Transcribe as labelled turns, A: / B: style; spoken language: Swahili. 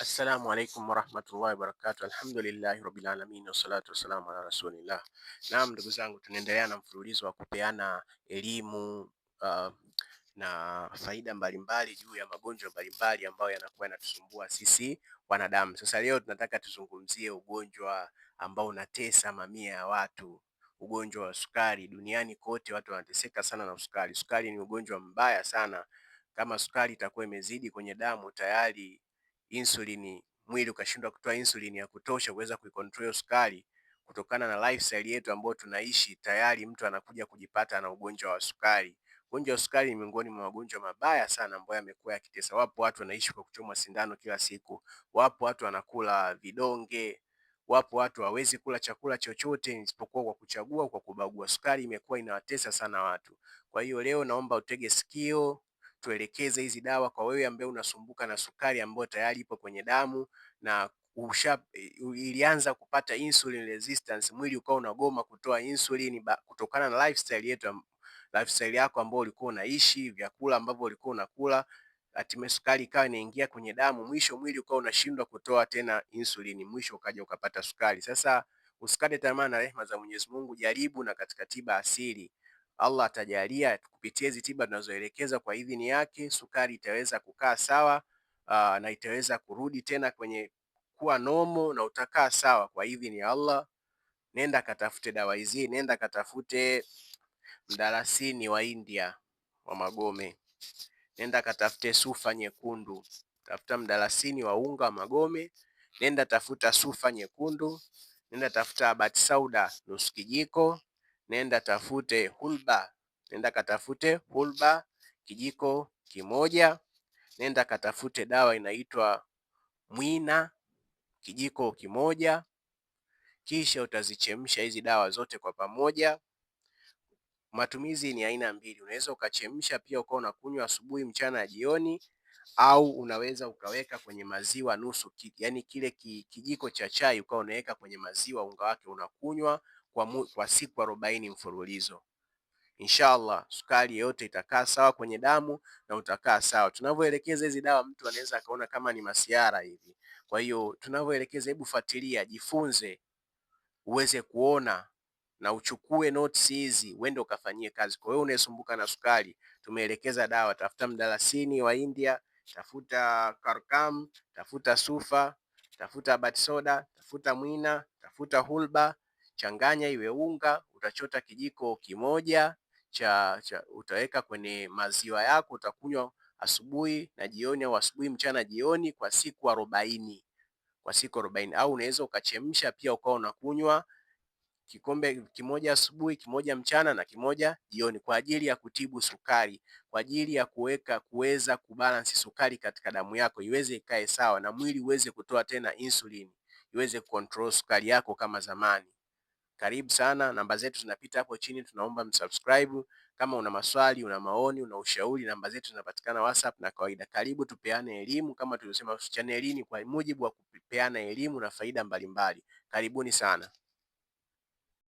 A: Assalamu alaikum warahmatullahi wabarakatuh. Alhamdulillahi rabbil alamin wassalatu wassalamu ala rasulillah. Naam, ndugu zangu, tunaendelea na mfululizo wa kupeana elimu uh, na faida mbalimbali juu ya magonjwa mbalimbali ambayo yanakuwa yanatusumbua sisi wanadamu. Sasa leo tunataka tuzungumzie ugonjwa ambao unatesa mamia ya watu, ugonjwa wa sukari. Duniani kote watu wanateseka sana na sukari. Sukari ni ugonjwa mbaya sana. Kama sukari itakuwa imezidi kwenye damu tayari insulini, mwili ukashindwa kutoa insulini ya kutosha kuweza kuikontrol sukari kutokana na lifestyle yetu ambayo tunaishi, tayari mtu anakuja kujipata na ugonjwa wa sukari. Ugonjwa wa sukari ni miongoni mwa magonjwa mabaya sana ambayo yamekuwa yakitesa. Wapo watu wanaishi kwa kuchomwa sindano kila siku, wapo watu wanakula vidonge, wapo watu hawezi kula chakula chochote isipokuwa kwa kuchagua, kwa kubagua. Sukari imekuwa inawatesa sana watu. Kwa hiyo leo naomba utege sikio tuelekeze hizi dawa kwa wewe ambaye unasumbuka na sukari ambayo tayari ipo kwenye damu na usha, ilianza kupata insulin resistance, mwili ukawa unagoma kutoa insulin kutokana na lifestyle yetu, lifestyle yako ambayo ulikuwa unaishi, vyakula ambavyo ulikuwa unakula hatimaye sukari ikawa inaingia kwenye damu, mwisho mwili ukawa unashindwa kutoa tena insulin, mwisho ukaja ukapata sukari. Sasa usikate tamaa na rehema za Mwenyezi Mungu, jaribu na katika tiba asili Allah atajalia kupitia hizi tiba tunazoelekeza kwa idhini yake, sukari itaweza kukaa sawa aa, ah, na itaweza kurudi tena kwenye kuwa nomo na utakaa sawa kwa idhini ya Allah. Nenda katafute dawa hizi, nenda katafute mdalasini wa India wa magome, nenda katafute sufa nyekundu, tafuta mdalasini wa unga wa magome, nenda tafuta sufa nyekundu, nenda tafuta habati sauda nusu kijiko nenda tafute hulba, nenda katafute hulba kijiko kimoja, nenda katafute dawa inaitwa mwina kijiko kimoja, kisha utazichemsha hizi dawa zote kwa pamoja. Matumizi ni aina mbili, unaweza ukachemsha pia ukawa unakunywa asubuhi, mchana jioni, au unaweza ukaweka kwenye maziwa nusu, yani kile kijiko cha chai ukawa unaweka kwenye maziwa, unga wake unakunywa kwa, mu, kwa siku arobaini mfululizo. Inshallah sukari yote itakaa sawa kwenye damu na utakaa sawa. Tunavyoelekeza hizi dawa, mtu anaweza akaona kama ni masiara hivi. Kwa hiyo tunavyoelekeza, hebu fuatilia, jifunze, uweze kuona na uchukue notes hizi uende ukafanyie kazi. Kwa hiyo unayesumbuka na sukari, tumeelekeza dawa, tafuta mdalasini wa India, tafuta karkam, tafuta sufa, tafuta batsoda, tafuta mwina, tafuta hulba changanya iwe unga, utachota kijiko kimoja cha, cha utaweka kwenye maziwa yako, utakunywa asubuhi na jioni, au asubuhi, mchana, jioni kwa siku arobaini kwa siku arobaini. Au unaweza ukachemsha pia ukawa unakunywa kikombe kimoja asubuhi, kimoja mchana na kimoja jioni, kwa ajili ya kutibu sukari, kwa ajili ya kuweka kuweza kubalansi sukari katika damu yako iweze ikae sawa, na mwili uweze kutoa tena insulini iweze kucontrol sukari yako kama zamani. Karibu sana, namba zetu zinapita hapo chini, tunaomba msubscribe. Kama una maswali, una maoni, una ushauri, namba zetu zinapatikana WhatsApp na kawaida. Karibu tupeane elimu, kama tulivyosema chaneli ni kwa mujibu wa kupeana elimu na faida mbalimbali. Karibuni sana.